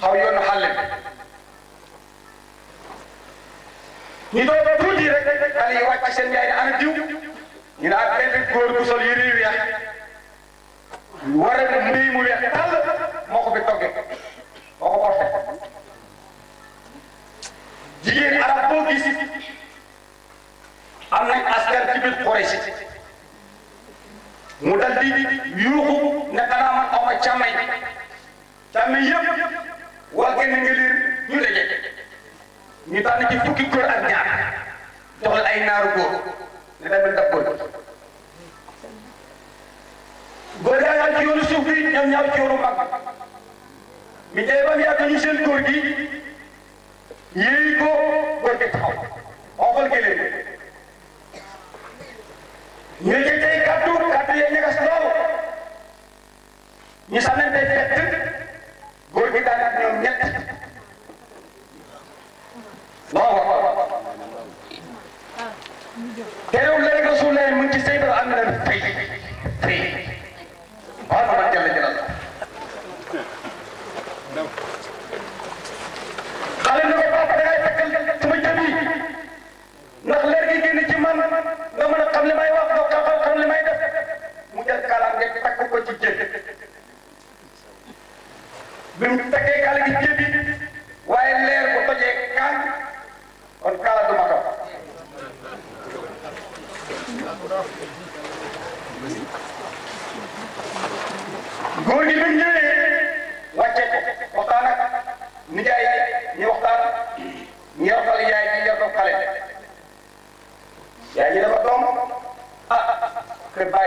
xaw yoonu xàll bi ñu doon ba tuuti rek xale yi wàcc seen yaay ne ana diw ñu naan benn sol yére yu weex war a mbéy mu weex tàll moo ko fi toggee moo ko porté jigéen arab am nañ askan ci biir Quraysh mu dal di yuuxu ne xanaa man aw ma càmmay waa génne nga liir ñu daje ñu tànn ci fukki góor ak ñaar joxal ay naaru góor ne demal dab góor góor yaa yaa ci yoonu suuf bi ñoom ñaar ci yoonu mag mi jay bam yàgg ñu seen góor gi yéey ko góor gi taxaw waxal gélee ñu jëj ay kàddu kàddu yee ñagas lool ñu sànnante fett muy daanaat ñoom ñett waaw teewul léegi Rasulullah mu ngi ci Seydou am na tey tey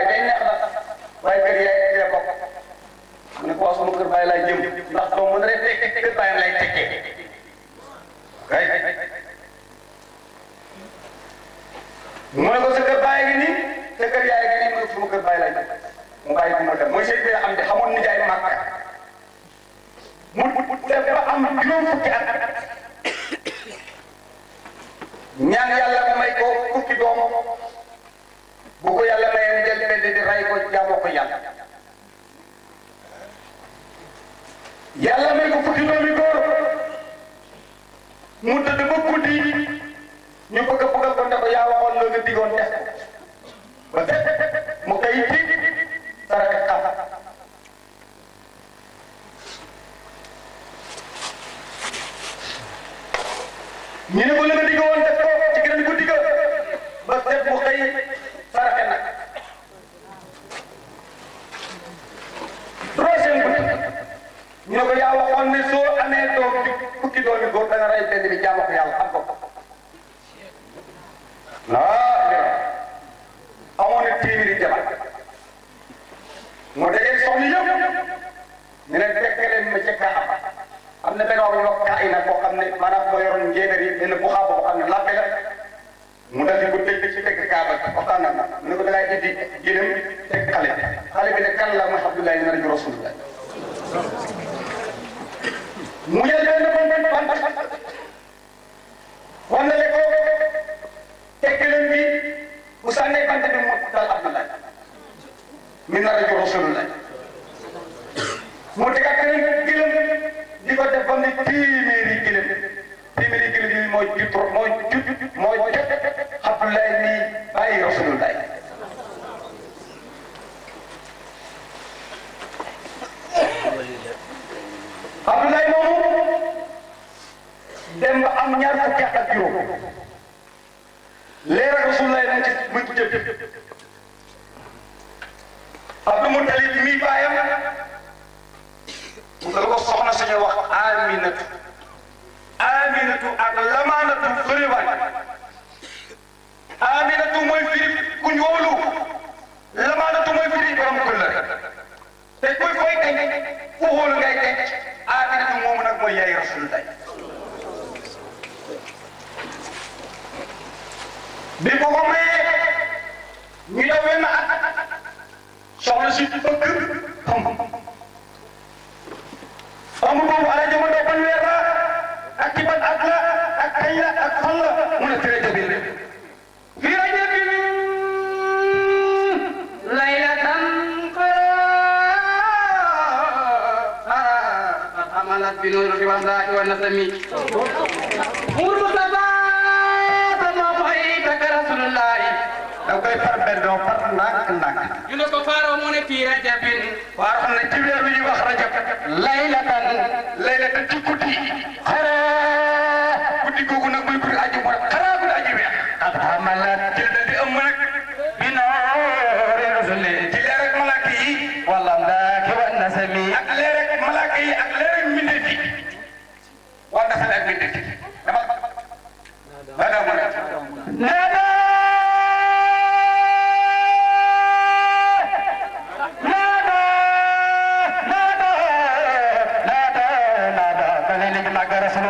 bàyyi day neex na waaye kër yaay tee ko xam ne ko sama kër bàyyi laay jëm ndax doo mën rek kër bàyyi lay tekkee kay mu ne ko sa kër bàyyi gi nii sa kër yaay gi nii mu ne sama kër bàyyi laay mu bàyyi ko ma dem mooy sëñ bi xam ne xamoon mu jaay màkk mu dem ba am juróom fukki at ñaan yàlla leen di di ko jaamoo ko yàlla. yàlla may ko fukki doomi mu tëdd ba guddi ñu bëgg a ko ne ko yaa waxoon loo nga digoon def mu koy ji saraka xam ñu ne ko la nga digoon yow da ngeen soxla yëpp ñu ne fekk leen ma ca Kaaba am na benn wax ñu wax Kaïna koo xam ne maanaam moo yoroon njéeréer yi benn buxaa boo xam ne lappe la mu dal di ko tëj ci fekk Kaaba waxtaan na mu ne ko da ngay indi jëlem teg xale bi xale bi ne kan la mooy Abdoulaye nar a ñu Rasulullah Abdou Moutalib mi baayam wax Aminatu ak lamaanatu soriwaay Aminatu mooy firi ku ñu wóolu lamaanatu mooy firi borom kër la te kuy fooy kañ. layla tan layla tan ci guddi wallam daake wa nasami ak leer ak malaaka yi ak leer ak mbindeef yi wal nasami ak mbindeef yi dafa dafa mu ne Gracias.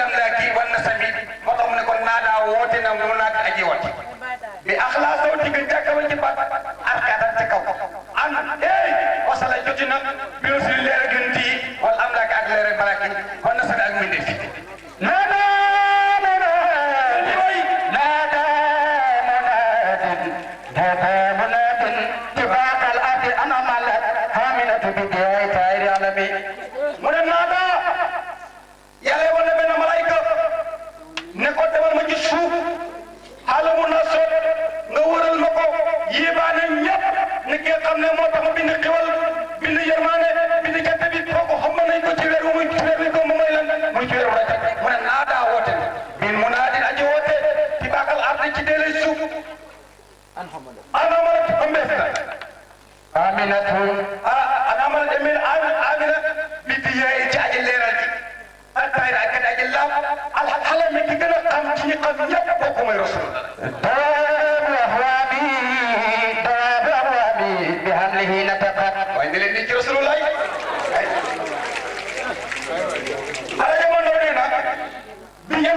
xam ne moo tax mu bind xiwal bind yërmaane bind gerte bi kooku xam nañ ko ci weer wu muy ci weer wi ko mu mooy lan muy ci weer wu rajab mu ne naa daa woote min mu naa din aji woote ci baaxal ardi ci deelay suuf anamalat ambees na aminatu anamalat emil amina bi diyaay ci aji leeral ji الطائر أكد أجل الله الحلم من كده قام تيقظ يبقى قوم الرسول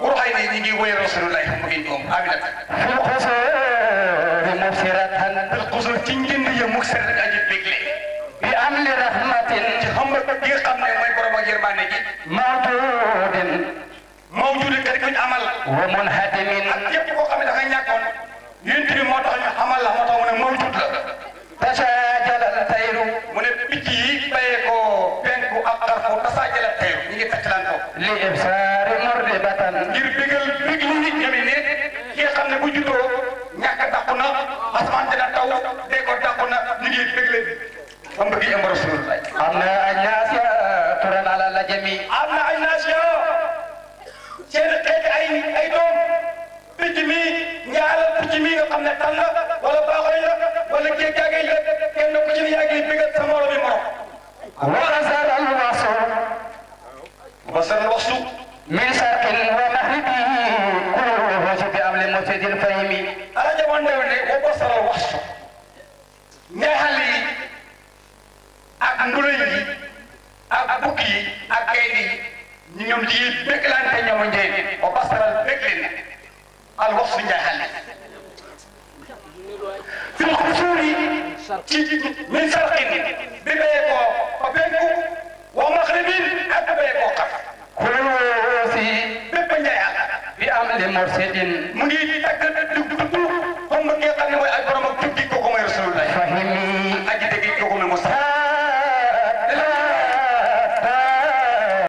قرآن يجي وين رسول الله منكم أبدا في القصور مبصرة القصور تنجن يا مكسر أجد بكلي بأمل رحمة هم يقام ما يقرأ ما يرمان يجي موجود موجود كريم عمل ومنهدم أكيد كو خمد غني يكون ينتهي ما تغني عمل ما تغني موجود لا تساجل الطير من بيجي بيكو بينكو أقرب تساجل الطير يجي تكلانكو لإبصار tey ay ay doom picc mi ñaala picc mi nga xam ne tànn wala baaxoy la wala géej jaagay la kenn ku ci ne yaa ngi bëggal sa moroom bi morom. wala zaal al waasu. wasal wasu. min saqin wa mahribi kulluhu